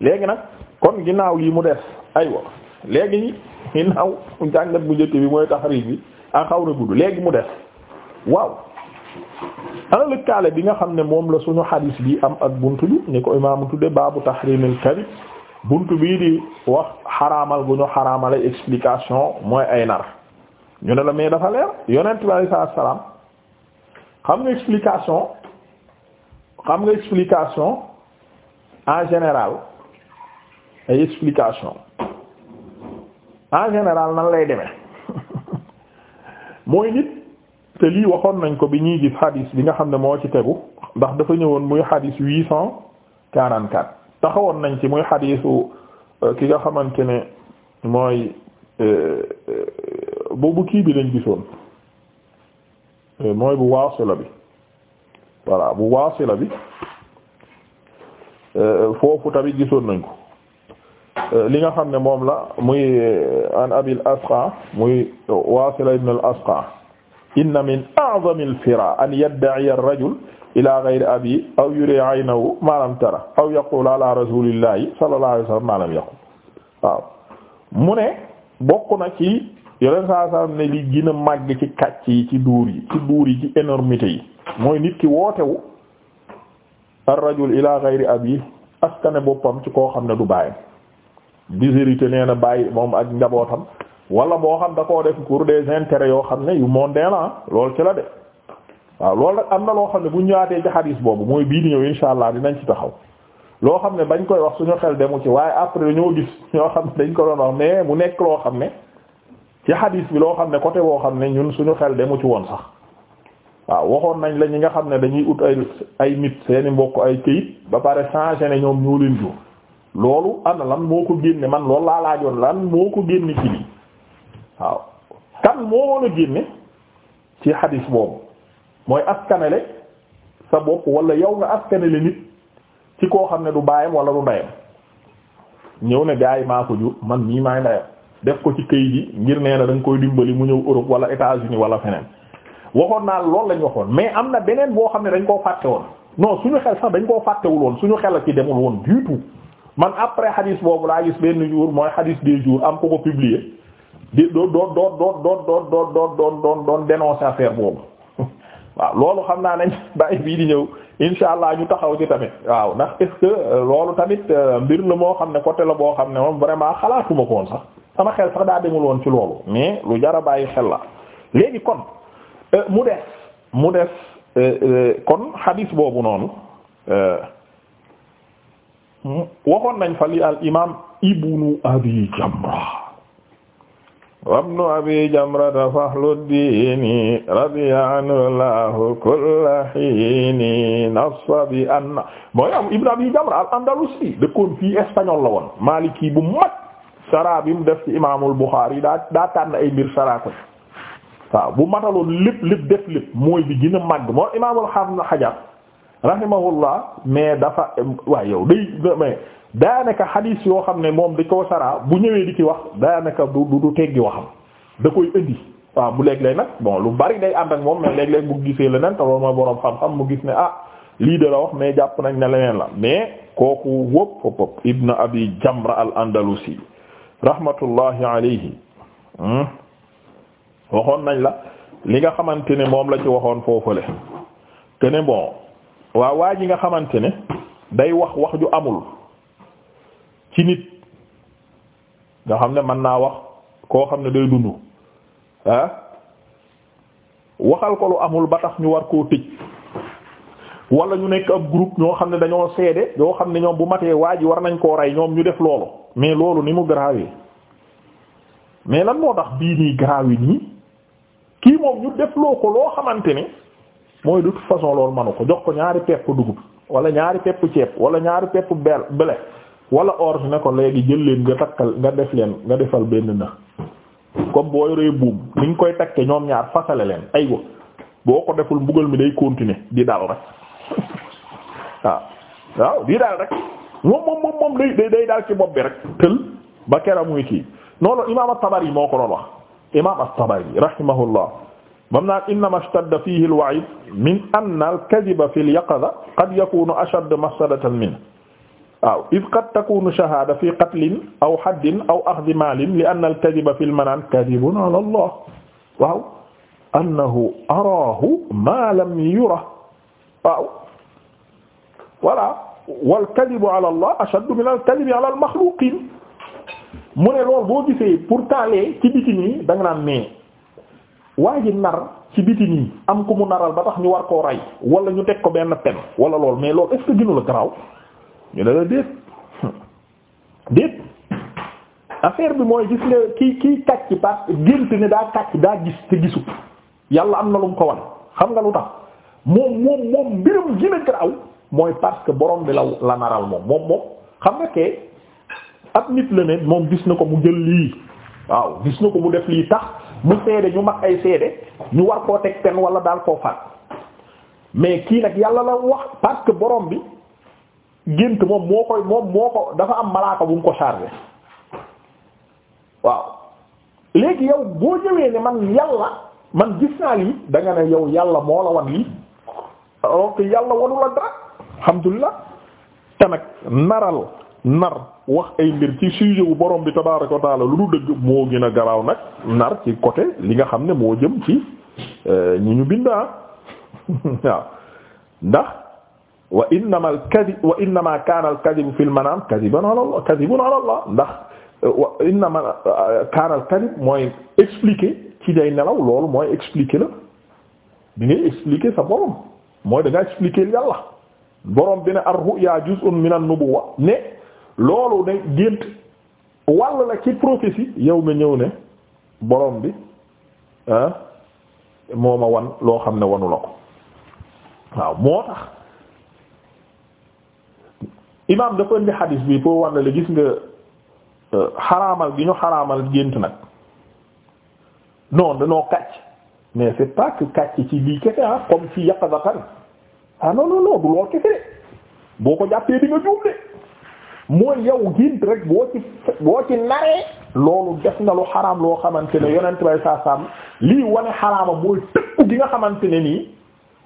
léegi nag kon ginnaaw lii mu des aywa léegi ginnaaw jàngat bu njëkk bi mooy taxariij bi ak xaw na léegi mu des waaw ana lëkkaale bi nga xam ne moom la suñu xadiis bi am ak bunt bi ni ko imaamu tudde baabu tahrimil kadib bunt bii di wax xaraamal gu ñu xaraamale explication mooy ay nar ñu ne la mais dafa leer yonent bi alayhi salaam xam nga explication xam nga explication en général ay explication en général nan lay demee mooy nit te lii waxoon nañ ko bi ñuy gis hadis bi nga xam ne moo ci tegu ndax dafa ñëwoon muy hadis huit cent quarante quatre taxawoon nañ ci muy hadisu euh, ki nga xamante ne mooy euh, euh, boobu kii bi lañ gisoon mooy bu waasila bi voilà bu waasila bi foofu tamit gisoon nañ ko Euh, li nga xam ne moom la muy euh, an abil asqa muy euh, wasila ibn al asqa min a'zami al an yadda'i ar ila ghayri abi aw yuri aynahu ma lam tara aw yaqul ala rasulillahi sallallahu alayhi ma lam yaqul waaw mu ne bokk na ci yoleen saa ne li gën a màgg ci kàcc yi ci duur yi ci duur yi ci énormité yi mooy nit ki wootewu ar rajul ila ghayri abi askane boppam ci koo xam ne du bàyyam déshérité nee na bàyyi moom ak njabootam wala boo xam da koo def pour des intérêts yoo xam ne yu mondain la lool ci la de waaw lool nag am na loo xam ne bu ñëwaatee ci xadiis boobu mooy bii di ñëw insha allah dinañ ci taxaw loo xam ne bañ koy wax suñu xel demu ci waaye après ñoo gis ñoo xam ne dañ ko doon wax mais mu nekk loo xam ne ci xadiis bi loo xam ne côté boo xam ne ñun suñu xel demu ci woon sax waaw waxoon nañ la ñi nga xam ne dañuy ut ay ay nit seeni mbokk ay këyit ba pare changé ne ñoom ñoo leen jur loolu ana lan moo ko génne man lool laa laajoon lan moo ko génne ci waaw kan moo woon a génne ci xadiis boobu mooy askanale sa bopp wala yow nga askanale nit ci koo xam ne du baayam wala du ndeyam ñëw ne gaa yi maa ko jur man mii maay ndeyam def ko ci këy ji ngir nee na da koy dimbali mu ñëw Europe wala États-Unis wala feneen waxoon naa loolu lañ waxoon mais am na beneen boo xam ne dañ koo fàtte woon non suñu xel sax dañ koo fàttewul woon suñu xel a ci woon du man après hadith boobu laa gis benn jour mooy hadith des jours am ko ko publier di doon doon doon doon doon doon doon doon doon doon doon dénoncer affaire boobu waaw loolu xam naa nañ bàyyi bii di ñëw insha allah ñu taxaw ci tamit waaw ndax est ce que loolu tamit mbir la moo xam ne côté la boo xam ne moom vraiment xalaatuma ko woon sax sama xel sax daa demul woon ci loolu mais lu jar a bàyyi xel la léegi kon mu des mu des kon hadith boobu noonu. Hmm? waxoon nañ fa li al imaam ibnu abi jamra wabnu abi jamrata fahluddiini radiya anhu kulla hiini nassa bi anna mooy am ibnu abi jamra al andalusi dëkkoon fii espagnol la woon maliki bu mag sara bi mu def ci imaamul buxaari daa daa tànn ay mbir sara ko bu mataloon lépp lépp def lépp mooy bi gën mag moo imaamul xaafis na xajar rahimahullah mais dafa waaye yow day mais daanaka xadiis yoo xam ne moom di ko saraa bu ñëwee di ci wax daanaka du du teggi waxam da koy indi waaw bu léeg-léeg nag bon lu bari day ànd ak moom mais léeg-léeg bu gisee leneen te loolu mooy boroom xam-xam mu gis ne ah lii de la wax mais jàpp nañ ne leneen la mais kooku wópp fop fop ibn abi jamra al andalusi rahmatullahi alayhi hmm, waxoon nañ la li nga xamante ne moom la ci waxoon foofale kene bon waaw waa ji nga xamante ne day wax wax ju amul ci nit nga xam ne mën naa wax koo xam ne day dund ah waxal ko lu amul ba tax ñu war koo tëj wala ñu nekk ab groupe ñoo xam ne dañoo seede yoo xam ne ñoom bu matee waa ji war nañ koo rey ñoom ñu def loolu mais loolu ni mu grave mais lan moo tax bii nii grave yi nii kii moom ñu def loo ko loo xamante ne mooy de façon loolu manu ko jox ko ñaari pepp dugub wala ñaari pepp ceeb wala ñaari pepp bel bele wala orge ne ko léegi jël leen nga takkal nga def leen nga defal benn na comme boo yoree buum ni nga koy takkee ñoom ñaar fasale leen ay aywa boo ko deful mbugal mi day continuer di dal rek waaw waaw di dal rek moom moom moom day day dal ci bopp bi rek tël ba kera muy kii noonu imaam at yi moo ko doon wax imaam at-Tabari rahimahullah bam naan innama ishtadda fihi al-wa'id min anna al-kadhiba fi al-yaqadha qad yakunu ashadd mafsadatan minhu waaw id qad takunu shahada fi qatlin aw haddin aw akhdhi malin li anna al-kadhiba fi al-manan kadhibun ala Allah waaw annahu araahu ma lam yura waaw voilà wal-kadhibu ala Allah ashaddu min al-kadhibi ala al-makhluqin mu ne loolu boo gisee pourtant lee ci biti nii da nga naan mais waa ji nar ci biti nii am ko mu naral ba tax ñu war koo rey wala ñu teg ko benn pen wala lool mais loolu est-ce que gënu la garaaw ñu ne la déet déet affaire bi mooy gis nga kii kii kàcc parce que gént ne daa kàcc daa gis te gisu yàlla am na lu mu ko wan xam nga lu tax moom moom moom mbirum gën a mooy parce que borom bi la la naral moom moom moom xam nga kee nit la ne moom gis na ko mu jël lii waaw gis na ko mu def lii tax. mu seede ñu mag ay seede ñu war koo teg pen wala daal koo faat mais kii nag yàlla la wax parce que borom bi gént moom moo koy moom moo ko dafa am malaaka bu mu ko chargé waaw léegi yow boo ñëwee ne man yàlla man gis naa lii da ne yow yàlla moo la wan lii alors yàlla wanu la dara alhamdulilah te nag naral nar wax ay mbir ci sujet bu borom bi tabaaraka wa taala lu du dëgg moo gën a garaaw nag nar ci côté li nga xam ne moo jëm ci euh, ñi ñu bindaa ah. waaw ndax wa innama al kadib kaana al kadibu al ndax wa innama kaana al kadib euh, euh, mooy expliquer ci day nelaw loolu mooy expliquer la li ngay expliquer sa borom mooy da expliquer yàlla borom bi ne ar ru'ya juz'un min an nubuwwa ne loolu day gént wàll la ci prophétie yow nga ñëw ne borom bi ah moo ma wan loo xam ne wanu la ko waaw moo tax imaam dafa indi xadiis bi pour wan la gis nga euh, xaraamal gi ñu xaraamal gént nag non danoo kàcc mais c'est pas kàcc ci lii kese ah comme ci yàq-yàqal ah non non non du lool kese boo ko jàppee di nga mooy yow gént rek boo ci boo ci naree loolu def nga lu xaraam loo xamante ne yonent bay saa lii wane xaraama mooy tëkku gi nga xamante ne nii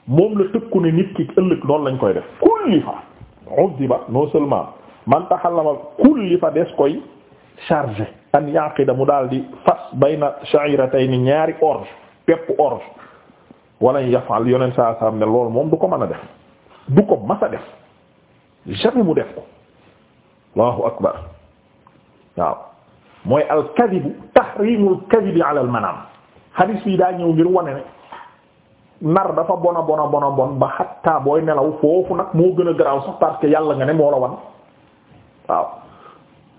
moom la tëkku ne nit ki ëllëg noonu lañ koy def kulli fa uddiba non seulement man taxallama kulli fa des koy chargé an yaqida mu daal di fas bayna sha'iratayn ñaari orge pepp orge wala yafal yonent saa saam ne loolu moom du ko mën a def du ko mas a def jamais mu def ko allahu akbar waaw mooy alkadibu tahrimul kadibi ala al manam hadis bi daa ñëw ngir wane ne nar dafa bona bona bona bon ba xatta booy nelaw foofu nag moo gën a garaaw sax parce que yàlla nga ne moo la wan waaw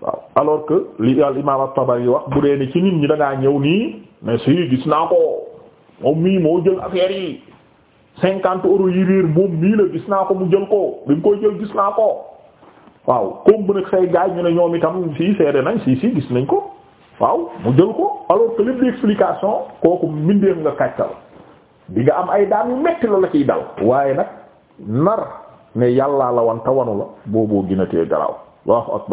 waaw alors que li al imam at-Tabari wax bu dee ni ci nit ñi da ngaa ñëw nii mais si gis naa ko moom mii moo jël affaire cinquante euros yi réer moom mii la gis naa ko mu jël ko bi koy jël gis naa ko waaw comme bu nag say gaay ñu ne ñoom itam si seede nañ si si gis nañ ko waaw mu jël ko alors que lépp explication kooku mbindeef nga kàccal di am ay daan yu metti la la ciy dal waaye nag nar ne yàllaa la wan wanu la booboo gën a tee garaaw waaw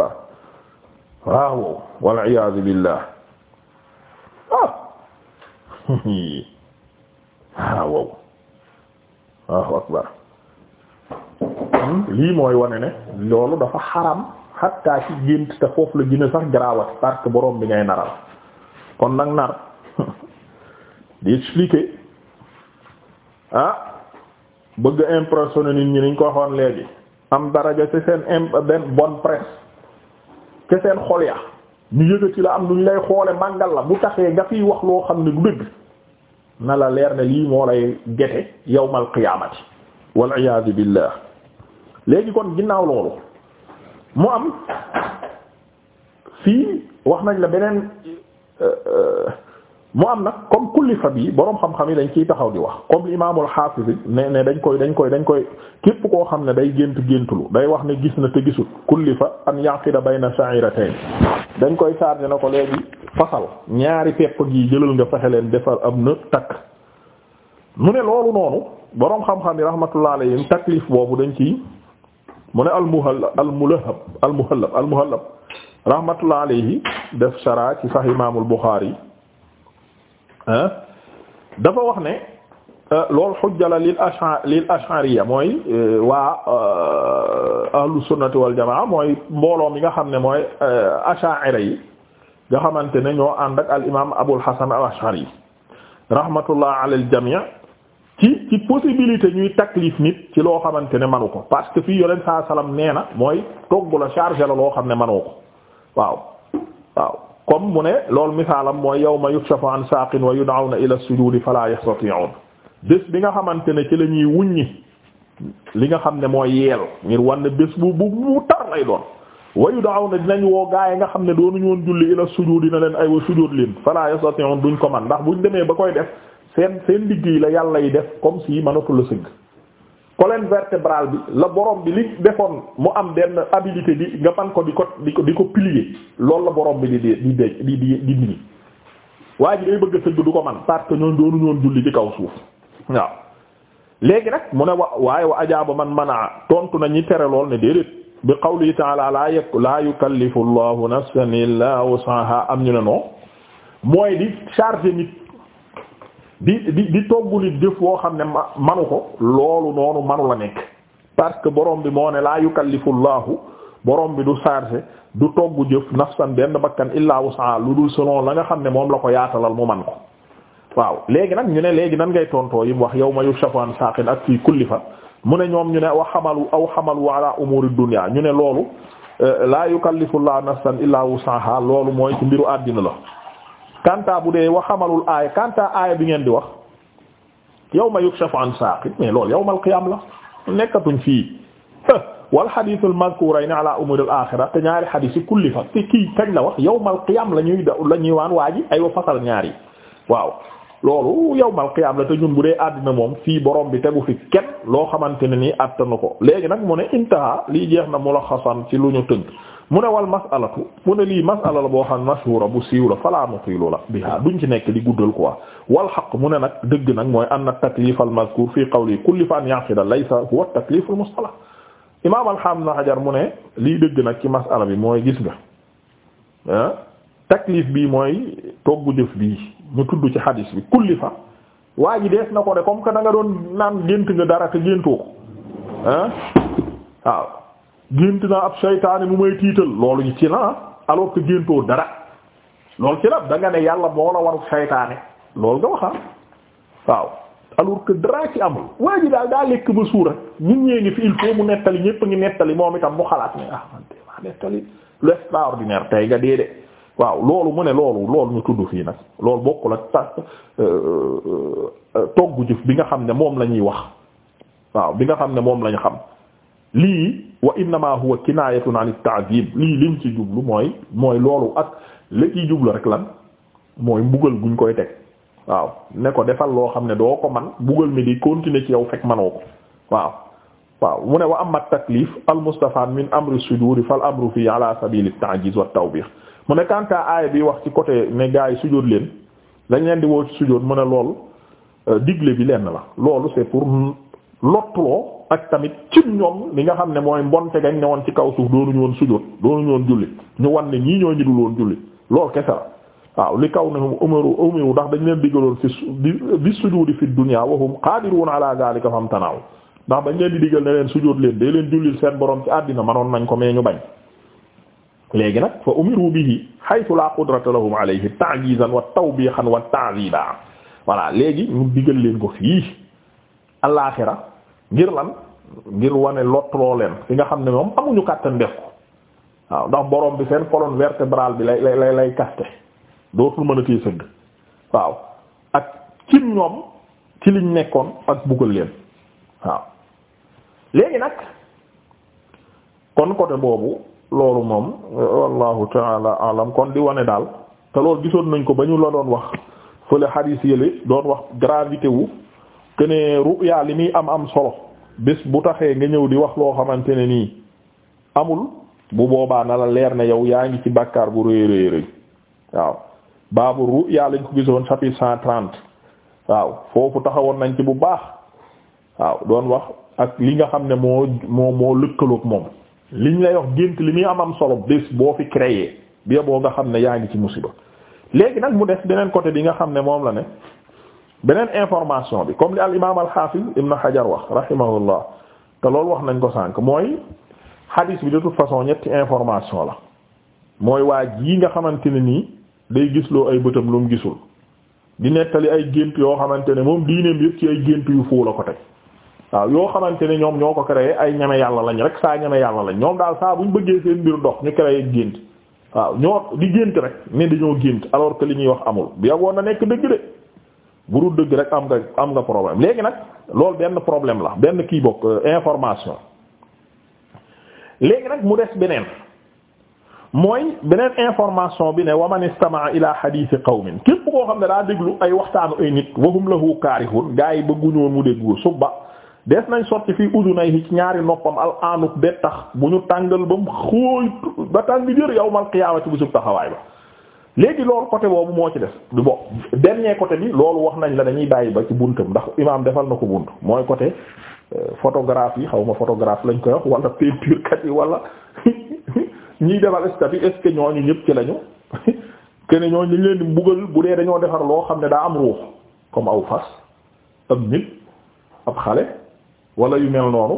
ah waaw akbar lii mooy wane ne loolu dafa xaram xattaa ci gént te foofu la gën sax garaawati parce que bi ngay naral kon nag nar di expliquer ah bëgg impressionner nit ñi niñ ko waxoon léegi am daraja ci seen imp benn bonne presse ci seen xol ya ñu yëgati la am lu ñu lay xoole màngal la bu taxee nga fiy wax loo xam ne du dëgg na la leer ne lii moo lay gete yawmal qiyaamati wal iyaadu billah léegi kon ginnaaw loolu mu am fii wax nañ la beneen euh, euh, mu am na comme kullifa bi boroom xam-xam yi dañ ciy taxaw di wax comme l'imamul hafiz ne ne dañ koy dañ koy dañ koy képp koo xam ne day gént géntulu day wax ne gis na te gisul kullifa an yaqida bayna sha'iratayn dañ koy chargé na ko léegi fasal ñaari pepp gi jëlal nga fexe leen defar am na takk mu ne loolu noonu boroom xam-xam yi rahmatullah alayhim taklif boobu dañ ci mu ne almuhallab almulahab almuhallab almuhallab rahmatullah alayhi def shara ci sax imaamul Buxaari dafa wax ne euh, loolu xujja la lil ashar ashariya mooy euh, waa euh, ahlu sunnati wal jamaa mooy mbooloo mi nga xam ne mooy asha'ira yi nga xamante ne ñoo ànd ak al imaam Abul Hasan al Ashari rahmatullah alal jamii ci ci possibilité ñuy taklif nit ci loo xamante ne manu ko parce que fii yoleen saa salam nee na mooy togg la chargé la loo xam ne manoo ko waaw waaw comme mu ne loolu misaalam mooy yawma yukshafu an saqin wa yud'awna ila as-sujudi fala yastati'un bés bi nga xamante ne ci la ñuy wuññi li nga xam ne mooy yeel ngir wan ne bés bu bu bu tar lay doon wa na dinañ woo gaay nga xam ne doonuñu woon julli ila as-sujudi na leen ay wa sujud leen fala ko man ndax buñ demee ba koy def seen seen liggéey la yàlla yi def comme si mënatu la sëgg colonne vertébrale bi la boroom bi li defoon mu am benn abilité di nga man ko di ko di ko di ko la boroom bi di di di di di dini waa ji day bëgg sëgg du ko man parce que ñoon doonu ñoon julli ci kaw suuf waaw léegi nag mu ne wax waaye wa ajaaba man manaa tontu na ñi tere lool ne déedéet bi qawli ta'ala laa yek laa yukallifu allahu nafsan illaa am ñu ne non mooy di charger nit di di di toggu nit jëf woo xam ne ma manu ko loolu noonu manu la nekk parce que borom bi moo ne laa yukallifu llahu borom bi du chargé du togg jëf nafsan benn bakkan illaa wusaa lu dul selon la nga xam ne moom la ko yaatalal mu man ko waaw léegi nag ñu ne léegi nan ngay tontoo yi wax yow ma yu an saaqin ak fii kulli fa mu ne ñoom ñu ne wa xamal aw xamal ala umuri dunya ñu ne loolu euh, laa yukallifu llahu nafsan illaa wusaha loolu mooy ci mbiru àddina la kanta bu dee waxamalul aaya kanta aaya bi ngeen di wax yawma yukshafu an saqin mais loolu yawmal qiyam la nekkatuñ fii wal hadithul mazkurayni ala umuril axira te ñaari hadith yi kulli fa te kii kañ la wax yawmal qiyam la ñuy la ñuy waan waa ji ay wa fasal ñaari waaw loolu yawmal qiyam la te ñun bu dee àddina moom fii borom bi tegu fi kenn loo xamante ne nii attanu ko léegi nag mu ne intaha lii jeex na mulaxasan ci lu ñu tënk mu ne wal masalatu mu ne lii masala la boo xam mashhura bu siiw la fala nutilu la biha duñ ci nekk di guddal quoi wal xaq mu ne nag dëgg nag mooy anna taklif al mazkur fi qawli kulli fa an yaqida laysa huwa taklif al mustalah imam alhamd na xajar mu ne lii dëgg nag ci masala bi mooy gis nga ah taklif bi mooy togg jëf bii ñu tudd ci xadis bi kulli fa waa ji dees na ko de comme que da doon naan gént nga dara te géntoo ko ah gént naa ab seytaane bu may tiital loolu ñu ci la alors que géntoo dara loolu ci la da ne yàlla moo la waru seytaane loolu nga waxa ah. waaw alors que dara ci amul waa ji daal daa lekk ba suura ñun ñee ngi fi il faut mu nettali ñépp ngi nettali moom itam mu xalaat ne ah man maa nettali lu extraordinaire tey nga dee de waaw loolu mu ne loolu loolu ñu tudd fii nag lool bokkul ak ta euh, euh, jëf bi nga xam ne moom la ñuy wax waaw bi nga xam ne moom la xam lii wa innama huwa kinaayatun naan at-ta'dib lii lim ci jublu mooy mooy loolu ak li ciy jublu rek lan mooy mbugal guñ koy teg waaw ne ko defal loo xam ne doo ko man mbugal mi di continuer ci yow fekk manoo ko waaw waaw mu ne wa amma taklif al-mustafad min amri sujudi fal amru fi ala sabil at-ta'jiz wa at-tawbih mu ne kanta aaya bi wax ci côté ne gaa yi sujjóot leen dañ leen di woo ci sujjóot mu ne lool euh, digle bi lenn la loolu c'est pour lottuloo ak tamit ci ñoom li nga xam ne mooy mbonte gañ ne woon ci kaw suuf doonuñu woon sujjóot doonuñu woon julli ñu wan ne ñii ñoo ñu dul woon julli lool kese la waaw li kaw ne umaru umaru ndax dañ leen digaloon fi bi sujudi fi dunya wa hum qadirun ala zalika fam naaw ndax bañ leen di digal ne leen sujjóot leen day leen jullil seen borom ci àddina manoon nañ ko mais ñu bañ léegi nag fa umiru bihi haythu la qudrata lahum alayhi ta'jizan wa tawbihan wa ta'ziba voilà léegi ñu digal leen ko fii ngir lan ngir wane lotuloo leen li nga xam ne moom amuñu kàttan def ko waaw ndax borom bi seen colonne vertébrale bi lay lay lay kaste dootul mën a téye sëgg waaw ak ci ñoom ci liñ nekkoon ak buggal leen waaw léegi nag kon côté boobu loolu moom wallahu taala kon di wane daal te lool gisoon nañ ko ba ñu la doon wax fële xadiis yële doon wax gravité wu que ne ruya li muy am am solo bés bu taxee nga ñëw di wax loo xamante ne nii amul bu boobaa na la leer ne yow yaa ngi ci bàkkaar bu rëy rëy rëy waaw baabu ruya lañ ko gisoon chapitre cent trent waaw foofu taxawoon nañ ci bu baax waaw doon wax ak li nga xam ne moo moo moo lëkkaloog moom liñ lay wax gént li muy am am solo bis boo fi créé bi boo nga xam ne yaa ngi ci musiba léegi nag mu def deneen côté bi nga xam ne moom la ne beneen information bi comme li al imaam al xaafiz ibn Hajar wax rahimahullah te loolu wax nañ ko sànk mooy hadith bi de toute façon ñetti information la mooy waa ji nga xamante ne nii day loo ay bëtam lu mu gisul di nettali ay gént yoo xamante ne moom diineem yëpp ci ay gént yu fuu la ko teg waaw yoo xamante ne ñoom ñoo ko créé ay ñeme yàlla lañ rek saa ñeme yàlla lañ ñoom daal saa bu ñu bëggee seen mbir dox ñu créé gént waaw ñoo di gént rek ne dañoo gént alors que li ñuy wax amul bi na nekk dëgg bu dul dëgg rek am nga am nga problème léegi nag lool benn problème la benn kii bokk euh, information léegi nag mu des beneen mooy beneen information bi ne wa man istama'a ila hadith qawmin képp koo xam ne daa déglu ay waxtaanu ay nit wa hum lahu kaarihun gaa yi bëgguñoon mu sub ba des nañ sotti fii udunayhi ci ñaari noppam al anuk tax bu ñu tàngal ba mu xóoy ba tàng jër yawmal qiyaamati bu sub taxawaay ba léegi loolu côté boobu moo ci def du bo dernier côté bi loolu wax nañ la dañuy bàyyi ba ci buntam ndax imaam defal na ko bunt mooy côté euh, photographe yi xaw ma photographe lañ koy wax wala peinture kat yi wala ñiy defal statut est-ce que ñooñu ñëpp ci lañu kenn ñooñu leen di mbugal bu dee dañoo defar loo xam ne daa am ruux comme aw fas am nit ab xale walla yu mel noonu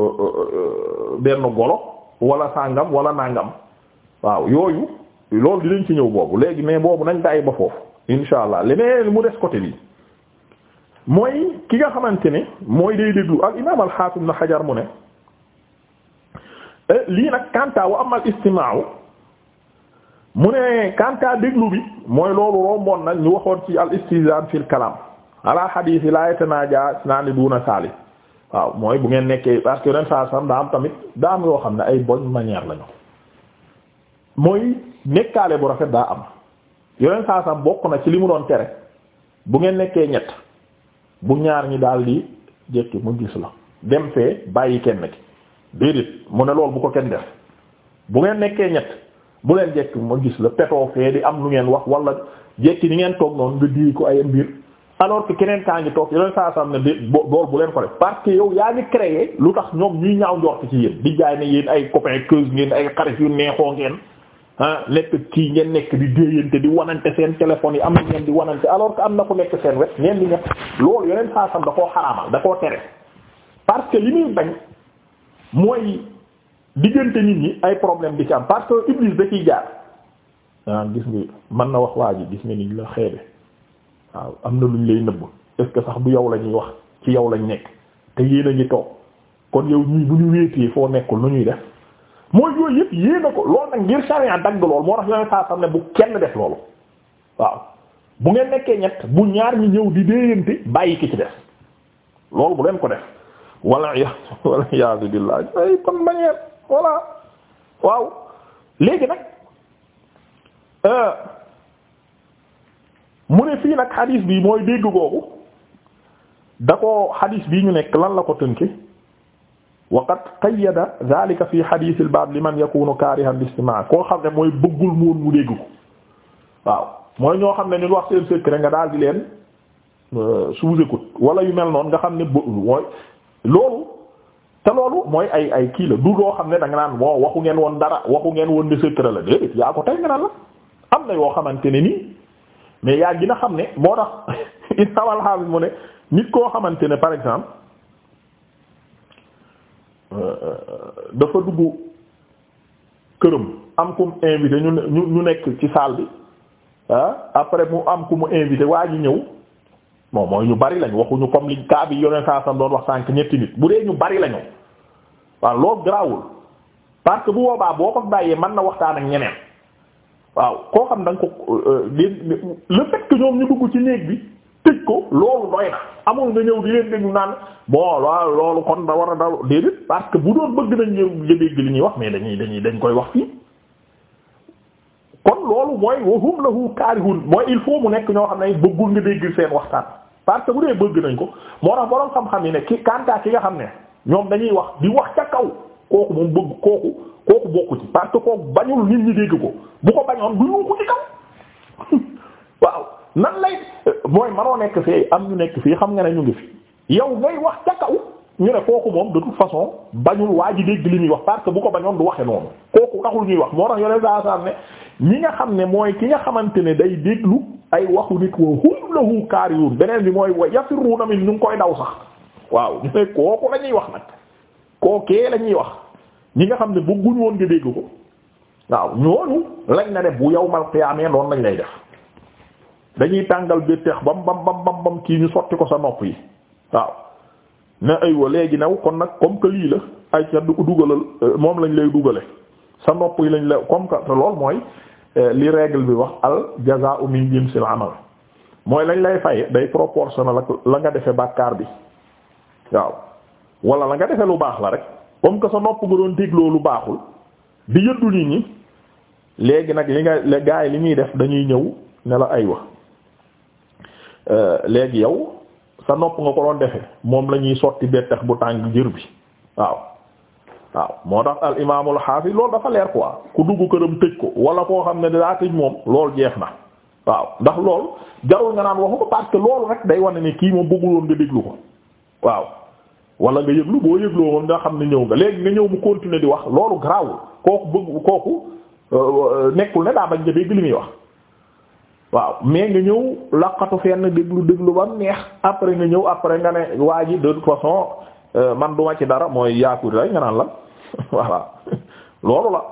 euh, euh, benn golo walla sàngam wala nàngam waaw yooyu. loolu dinañ ci ñëw boobu léegi mais boobu nañ bàyyi ba foofu insha allah leneen mu des côté bi mooy ki nga xamante ni mooy day déglu al imaam al xaafis na xajar mu ne eh, lii nag wu am amal istimaaw mu ne kanta déglu bi mooy loolu romboon nag ñu waxoon ci al istizaan fil kalaam ala xadiis yi laa yatanaaja isnaani duuna saalis waaw mooy bu ngeen nekkee parce que ren saa daa am tamit daa am yoo xam ne ay bonne manière lañu mooy nekkaale bu rafet daa am yoneen saa sam bokk na ci li mu doon tere bu ngeen nekkee ñett bu ñaar ñi daal di jekki ma gis la dem fee bàyyi kenn ki déedéet mu ne lool bu ko kenn def bu ngeen nekkee ñett bu leen jekki mu gis la petoo fee di am lu ngeen wax wala jekki ni ngeen toog noonu nga di ko ay mbir alors que keneen kaa ngi toog yoneen saa sam ne dé lool bu leen ko def parce que yow yaa ngi créé lu tax ñoom ñuy ñaaw njort ci di jaay ne ay copain keuse ay xarit yu neexoo ngeen ah nekk kii ngeen nekk di déeyante di wanante seen téléphone yi am na ngeen di wanante alors que am na ko nekk seen wet ngeen di ñett loolu yeneen saa sam da koo xaraamal da koo tere parce que li muy bañ mooy diggante nit ñi ay problème di ci am parce que Iblis da ciy jaar ah gis nga man na wax waa ji gis nga niñ la xeebe waaw am na luñ lay nëbb est-ce sax du yow la ñuy wax ci yow lañ nekk te yéen a ngi toog kon yow ñii bu ñu wéetee foo nekkul nu ñuy def. mooy yooyu yëpp yée na ko lool nag ngir charia dagg lool moo tax yoneen saa sam ne bu kenn def loolu waaw bu ngeen nekkee ñett bu ñaar ñi ñëw di déeyante bàyyi ki ci def loolu bu leen ko def wala wala iyasu billah ay kon manière voilà waaw léegi nag euh, mu ne fii nag xadiis bi mooy dégg googu da ko xadiis bi ñu nekk lan la ko tënke wa qad qayyada dhalika fi hadith al-bab liman yakunu karihan li-istima' koo xam ne mooy bëggul moon mu dégg ko waaw mooy ñoo xam ne ñu wax seen secret nga daal di leen euh, sous écoute wala yu mel noonu nga xam ne mooy loolu te loolu mooy ay ay kii la du loo xam ne da nga naan bon waxu ngeen woon dara waxu ngeen woon ne secret la déedéet yaa ko tey nga naan la am na yoo xamante ne nii mais yaa gën a xam ne moo tax it xawal xaalis mu ne nit koo xamante ne par exemple. Euh, dafa dugg këram am ku mu invité ñu ñu ñu nekk ci salle bi ah après mu am ku mu invité waa ji ñëw moom mooy ñu bari lañ waxuñu comme li cas bi yoneen saa sam doon wax sànk ñetti nit bu dee ñu bari lañu waaw loo garaawul parce que bu boobaa boo ko bàyyee man na waxtaan ak ñeneen waaw koo xam da ko euh, euh, le fait que ñoom ñu dugg ci néeg bi. tëj ko loolu doy na amul nga ñëw di leen ñu naan bon waaw loolu kon da war a daw déedéet parce que bu doon bëgg nañ ñëw dégg li ñuy wax mais dañuy dañuy dañ koy wax fii kon loolu mooy wa hum lahu mooy il faut mu nekk ñoo xam ne bëggul nga dégg seen waxtaan parce que bu dee bëgg nañ ko moo tax boroom xam-xam yi ne ki kantaa ki nga xam ne ñoom dañuy wax di wax ca kaw kooku moom bëgg kooku kooku bokku ci parce que kooku bañul nit ñi dégg ko bu ko bañoon du ñu ko ci kaw waaw nan lay mooy manoo nekk fii am ñu nekk fii xam nga ne ñu ngi fi yow mooy wax ca kaw ñu ne kooku moom de toute façon bañul waa ji dégg li ñuy wax parce que bu ko bañoon du waxe noonu kooku ñuy wax moo tax yoneen saa saa ne ñi nga xam ne mooy ki nga xamante ne day déglu ay waxu nit wa hum beneen bi mooy wa yafiruna min ñu ngi koy daw sax waaw ñu ne kooku la wax nag kookee la wax ñi nga xam ne bëgguñ woon nga dégg ko waaw ñooñu lañ na ne bu ma qiyaamee noonu lañ lay def dañuy tàngal bétteex bam bam bam bam bam kii ñu sotti ko sa nopp yi waaw ne aywa léegi new kon nag comme que lii la ay ca du dugalal euh, moom lañ lay dugale sa nopp yi lañ la comme que lool mooy euh, li règle bi wax al jazaa'u min jinsil amal mooy lañ lay fay day proportionnel ak la nga defe bàkkaar bi waaw wala la nga defe lu baax la rek comme que sa nopp nga doon dégloo lu baaxul di yëddu nit ñi léegi nag li nga gaay li ñuy def dañuy ñëw ne la aywa Euh, léegi yow sa nopp nga ko doon defe moom la ñuy sotti bettax bu tàng jër bi waaw waaw moo tax al imaamul xaafis loolu dafa leer quoi ku dugg këram tëj ko wala koo xam ne daa tëj moom loolu jeex na waaw ndax lool jarul nga naan waxu ko parce que loolu rek day wane ne kii moom bëgguloon nga déglu ko waaw wala nga yëglu boo yëgloo moom nga xam ne ñëw nga léegi nga ñëw mu continuer di wax loolu garaawul kooku bëgg kooku euh, euh, nekkul ne daa bañ nga dégg li muy wax waaw mais nga ñëw laqatu fenn déglu déglu ba neex après nga ñëw après nga ne waa ji de toute façon euh, man duma ci dara mooy yaaku rek nga naan la voilà loolu la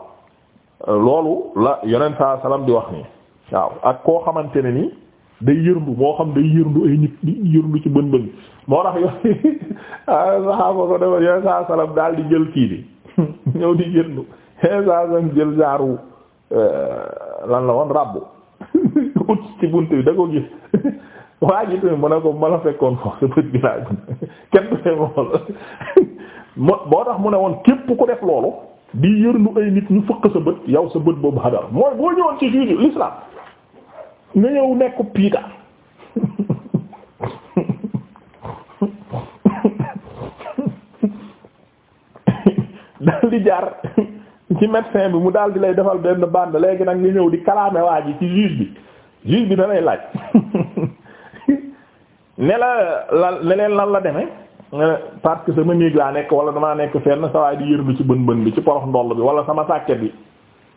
euh, loolu la yeneen saa salaam di wax nii waaw ak koo xamante ne nii day yërndu moo xam day yërndu ay nit yërndu ci bën bën moo tax yoon ah saxaaba ko defar yeneen saa salaam daal di jël kii bi ñëw di yërndu saa salaam jël jaaru euh, lan la woon rabbu ut ci bunt bi da ko gis waa gis mu ne ko ma la fekkoon foofu sa bët bi laa gun kenn du ne loolu moo tax mu ne woon képp ku def loolu di yërnu ay nit ñu fëq sa bët yow sa bët boobu hadar mooy boo ñëwoon ci juuju l'islam nga ñëw nekku piita dal di jaar ci médecin bi mu daal di lay defal benn bande léegi nag nga ñëw di kalaame waa ji ci juge bi juge bi da lay laaj ne la la ne leen lan la demee parce park sama néeg laa nekk wala damaa nekk fenn sawaay di yërlu ci bën bën bi ci porox ndoll bi wala sama sàkket bi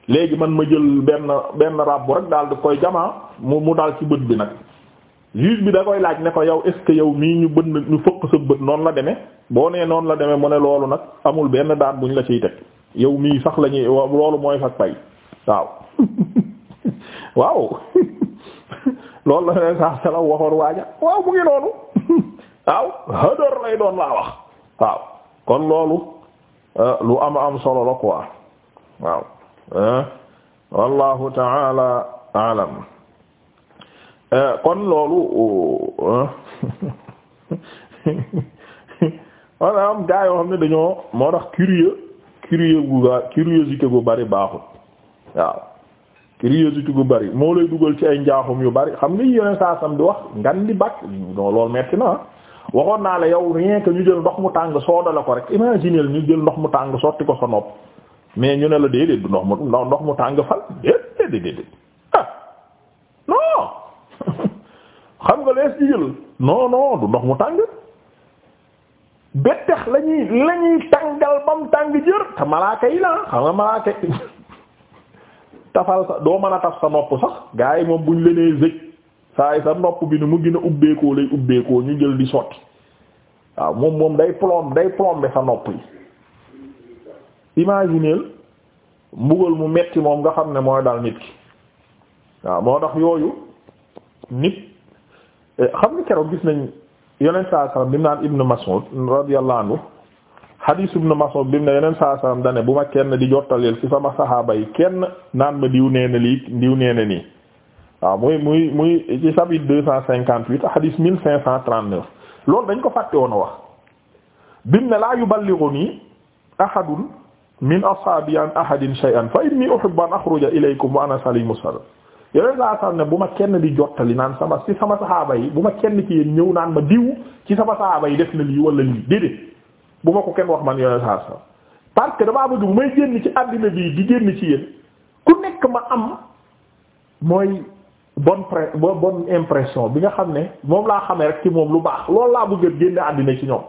léegi man ma jël benn benn rab bu rek daal di koy jamaa mu mu dal ci bët bi nag juge bi da koy laaj ne ko yow est ce que yow mii ñu bën ñu fëq sa bët noonu la demee boo nee noonu la demee mu ne loolu nag amul benn daan buñ la ciy teg yow mii sax la ñuy loolu mooy sax pay waaw waaw loolu la ne saa sala waxoon waaja waaw mu ngi noonu waaw hadar lay kon loolu eh, lu am am solo la quoi waaw eh, wallahu taala alam eh, kon loolu wala am gaa yoo xam ne dañoo moo tax curieux curieux gu gaa curiosité gu bari baaxut waaw curiosité gu bari moo lay dugal ci ay njaaxum yu bari xam nga yeneen saa sam di wax ngan di bakk non loolu metti na waxoon naa la yow rien ñu jël ndox mu tàng sooda ko rek imagineel ñu jël ndox mu tàng sotti ko sa nopp mais ñu ne la déedéet du ndox mu ndox mu tàng fal déedéet déedéet ah non xam nga lees di jël non du ndox mu tàng bettex lañuy lañuy tàngal bam tàng jër te malaaka yi la xam nga malaaka tafal sa doo mën a taf sa nopp sax gaa yi moom buñ lenee zëg saa yi sa nopp bi ni mu gën a ubbeekoo lay ubbeekoo ñu jël di sotti waaw moom moom day plomb day plombé sa nopp yi imagineel mbugal mu metti moom nga xam ne mooy daal nit ki waaw moo tax yooyu nit eh, xam nga keroog gis nañ yonent saa sallam bi mu naan Ibnu Mas'ud radiyallahu anhu hadis ibn Mas'ud bi mu ne yeneen saa salaam dane bu ma kenn di jottaleel ci sama saxaaba naan ma diw lii diw nee na nii waaw muy muy muy ci chapitre deux cent cinquante huit hadis loolu dañ ko fàtte woon a wax bi mu ne laa yuballighuni ahadun min ashaabi an ahadin shay'an bu ma kenn di jottali naan sama ci saxaaba yi bu ma kenn ci yéen ñëw naan ma diw ci sama saxaaba yi def na lii wala lii déedéet bu ma ko kenn wax man yoneen saa saa parce que damaa bëgg bu may génn ci àddina bii di génn ci yéen ku nekk ma am mooy bonne pré bonne impression bi nga xam ne moom laa xamee rek ci moom lu baax loolu laa bëgg a génne àddina ci ñoom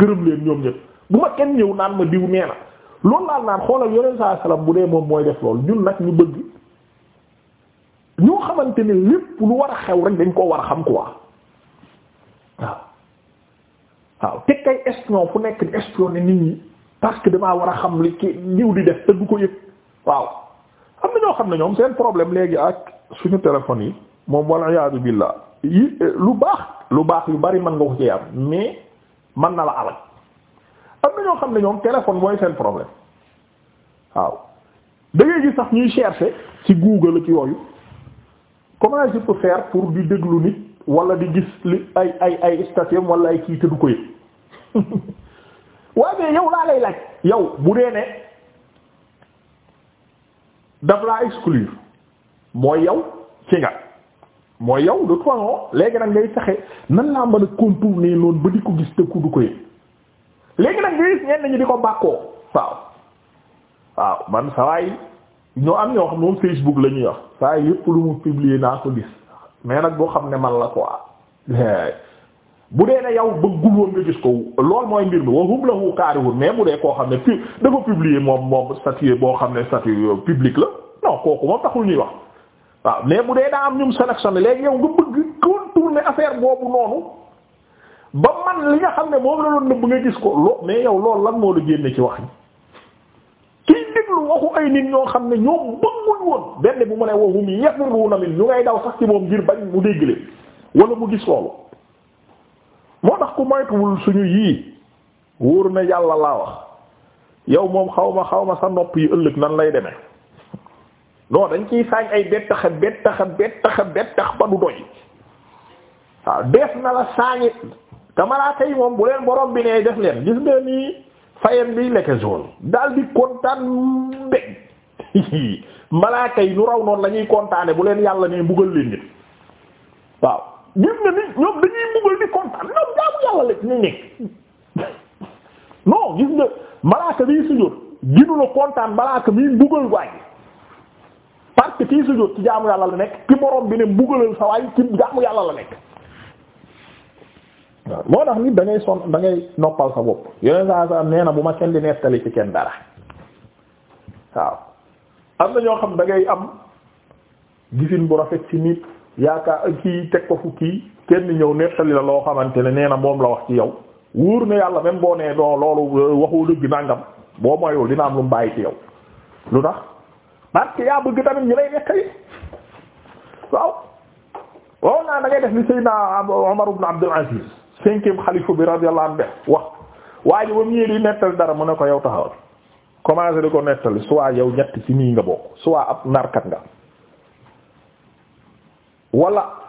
gërëm leen ñoom ñëpp bu ma kenn ñëw naan ma diw nee na loolu laal naan xoolal yoneen saa salaam bu dee moom mooy def loolu ñun nag ñu bëgg ñu xamante ne lépp lu war a xew rek dañ koo war a xam quoi waaw. waaw te kay espion fu nekk di espionner nit ñi parce que damaa war a xam li ki ñëw di def te ko yëg waaw am na ñoo xam ne ñoom seen problème léegi ak suñu téléphone yi moom walla iyaadu billah yi lu baax lu baax yu bari man nga ko ci am mais mën na la alal am na ñoo xam ne ñoom téléphone mooy seen problème waaw da ngay gis sax ñuy chercher ci Google ci yooyu comment je peux pour di déglu nit wala di gis li ay ay ay statut wala ay kii te du ko yëg waaye mais yow laa lay laaj yow bu dee ne daf laa exclure mooy yow ci nga mooy yow de toilon léegi nag ngay fexe nan laa mën a contourner noonu ba di ko gis te ku du ko yëg léegi nag ngay gis ñenn ñi di ko bàkkoo waaw waaw man sawaay ñoo am ñoo xam moom Facebook la ñuy wax saa yépp lu mu publier naa ko gis mais nag boo xam ne man la quoi bu dee ne yow bëggul woon nga gis ko loolu mooy mbir mi wa hum lahu kaarihun mais bu dee koo xam ne pu dafa publier moom moom statut boo xam ne statut public la non kooku moom taxul ñuy wax waaw mais bu dee daa am ñum sélectionné léegi yow nga bëgg contourner affaire boobu noonu ba man li nga xam ne moom la doon nëbb nga gis ko loo mais yow loolu lan moo la génne ci wax yi kiy déglu waxu ay nit ñoo xam ne ñoo bëggul woon benn bu mu ne wa hum yafirruuna min ñu ngay daw sax ci moom ngir bañ mu dégg leen wala mu gis loolu moo tax ku moytuwul suñu yii wóor na yàlla laa wax yow moom xawma ma xaw ma sa nopp yi ëllëg nan lay demee non dañ ciy saañ ay bettaxa bettaxa bettaxa bettax ba du doy waaw def na la saañi kamala tey moom bu leen borom bi ne def leen gis nga nii fayeen bi lekke zone daal di kontaan mbég malaaka yi nu raw noonu la ñuy kontaane bu leen yàlla ne mbugal leen nit waaw gis nga ni ñoom dañ yàlla la ñu nekk non gis nga malaaka bii sujjóot ginu kontaan malaaka bii mbugal waay parce que kii sujjóot ci jaamu yàlla la nekk ki borom bi ne mbugalal sa waay ci jaamu yàlla la nekk waaw moo tax nit da ngay son da ngay noppal sa bopp yeneen saa saa nee na bu ma kenn di nettali ci kenn dara waaw am na ñoo xam dangay am gisin bu rafet ci nit yaakaar kii teg ko fu kii kenn ñëw nettali la loo xamante ne nee na moom la wax ci yow wóor na yàlla même boo nee doo loolu euh, waxoo dëgg nangam boo moyul dina am lu mu bàyyi ci yow lu tax parce que yaa bëgg tamit ñu lay nettali waaw waaw naa da def li Seydina Omar ibn Abdul Aziz cinquième xalifa bi radiyallahu anhu wax waaye ba di nettali dara mu ne ko yow taxawal commencé di ko nettali soit yow ñett ci nii nga bokk soit ab narkat nga wala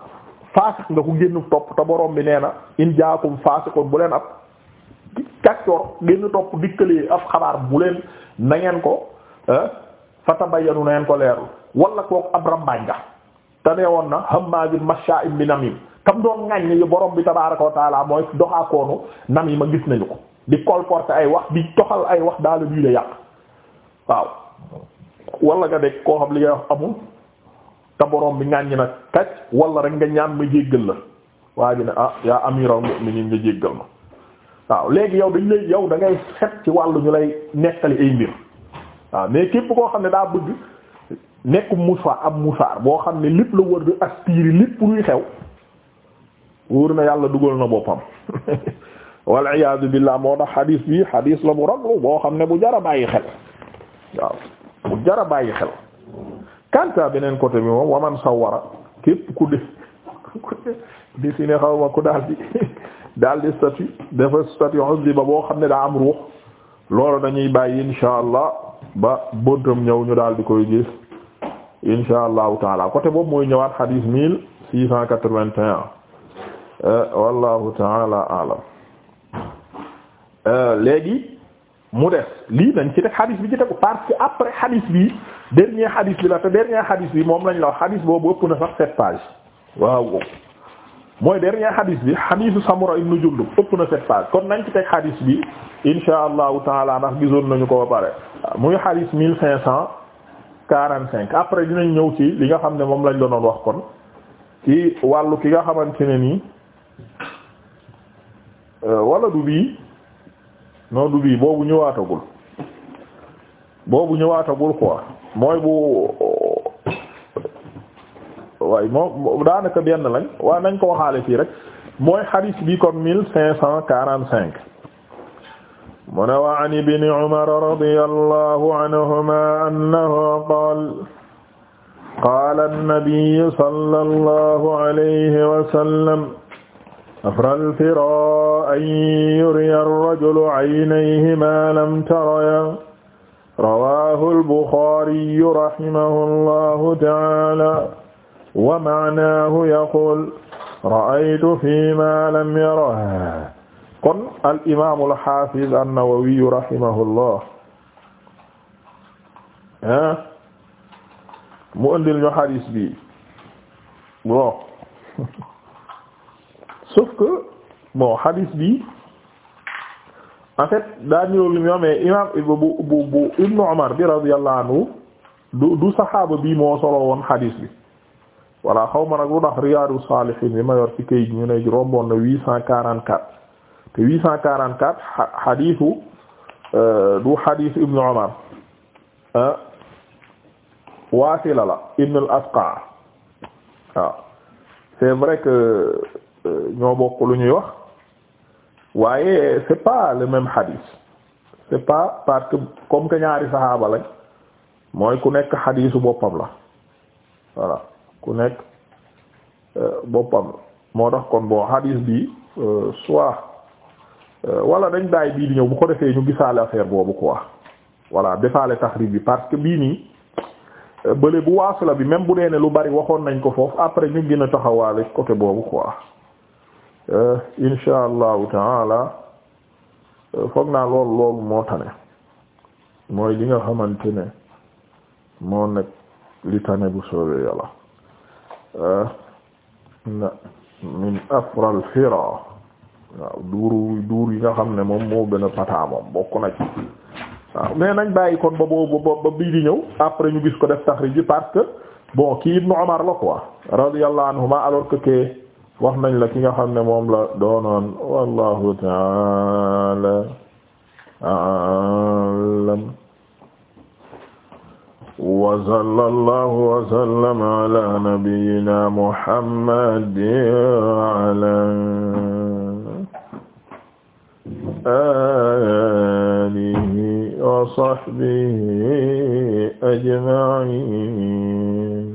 faasiq nga ku génn topp te borom bi nee na in jaakum bu leen ab kaccoor génn topp dikkalee ab xabaar bu leen na ngeen ko eh, fatabayanu na ngeen ko leerul wala kooku ab rambaaj nga te nee woon na hammaazin mashaa'in bi namim kam doon ŋàññ yu borom bi tabaaraka wa taala mooy doxaakoonu namim a gis nañu ko di colporter ay wax di toxal ay wax daal lii la yàq waaw wala nga dégg koo xam li nga amul te borom bi ŋàññi nag kaj walla rek nga ñaan ma jéggal la waa ji ne ah yaa amiral mu'minin nga jéggal ma waaw léegi yow dañ lay yow dangay ngay xet ci wàllu ñu lay nekkali ay mbir waaw mais képp koo xam ne daa bëgg nekk musaar ab musaar boo xam ne lépp la wër di aspiri lépp luy xew wóor na yàlla dugal na boppam wal iyaadu billaah moo tax xadiis bi xadiis la bu raglu boo xam ne bu jara bàyyi xel waaw bu jara bàyyi xel kanta beneen côté bi moom waman sawara képp ku def ku dessiné xaw ma ku dal di daal di statut dafa statut xos ba boo xam ne daa am ruux loolu dañuy bàyyi insha allah ba bontam ñëw ñu daal di koy gis insha allahu taala côté boobu mooy ñëwaat hadith mille six cent quatre-vingt-un euh, wallahu taala alam euh, léegi mu des lii nañ ci teg xadis bi ci tegu parce que après xadis bi dernier xadis bi la te dernier xadis bi moom lañ la wax xadis boobu ëpp na sax sept pages waaw mooy dernier xadis bi xadisu Samura ibn Jundub ëpp na sept pages kon nañ ci teg xadis bi insha allahu taala ndax gisoon nañu ko ba pare muy xadis mille cinq cent quarante cinq après dinañ ñëw ci li nga xam ne moom lañ doonoon wax kon ci wàllu ki nga xamante ne nii euh, wala du bii non du bii boobu ñëwaatagul boobu ñëwaatagul quoi mooy bu waaye moom daanaka benn lañ waaye nañ ko waxaale fii rek mooy hadith bi kon mille cinq cent quarante cinq mu ne an ibni umar radiyallahu anhuma annahu qaala qaala an-nabiy alayhi wa afral fira an yuriya ar-rajulu aynayhi ma lam taraya rawahu al-Bukhari rahimahu llahu ta'ala wa ma'naahu yaqul ra'aytu fi ma lam yarah kon al imaamu al-haafiz an-Nawawi rahimahu llah ah mu ëndil ñu hadiis bi bon sauf que bon hadis bi en fait daa ñëw mu wax mais bu bu bu Ibnu Umar bi radiyallahu anhu du saxaaba bi moo solo woon hadis bi voilà xaw nag lu tax Riyaadu Saalihiin bi ma ci këyit ñu ne romboon na 844 te 844 xa hadisu du hadis Ibnu Umar Waasila la Ibnu al waaw c'est que. Euh, ñoo bokk lu ñuy wax waaye c'est pas le même hadith c'est pas parce que comme que ñaari saxaaba lañ mooy ku nekk xadiisu boppam la voilà ku nekk euh, boppam moo tax kon bon xadiis bi euh, soit wala dañ daay bii di ñëw bu ko defee ñu gisaale affaire boobu ko quoi voilà defaale taxrib bi parce que bii nii bële bu waasu la bi même bu dee ne lu bari waxoon nañ ko foofu après ñu gën a taxawaale côté boobu quoi Eh, insha allahu taala eh, foog naa loolu loolu moo tane mooy li nga xamante ne moo nekk li tane bu soobee yàlla eh, na min afral fira waaw duuru duur yi nga xam ne moom moo gën a pataa moom bokk na ci waaw mais nañ bàyyi kon ba boobu ba bii di ñëw après ñu gis ko def taxrij bi parce que bon kii Ibnu Umar la quoi radiyallahu anhuma alors que wax nañ la ki nga xam ne moom la doonoon wallahu taala a'lam wa sallallahu wa sallama ala nabiyyina muhammadin wa ala alihi wa sahbihi ajma'in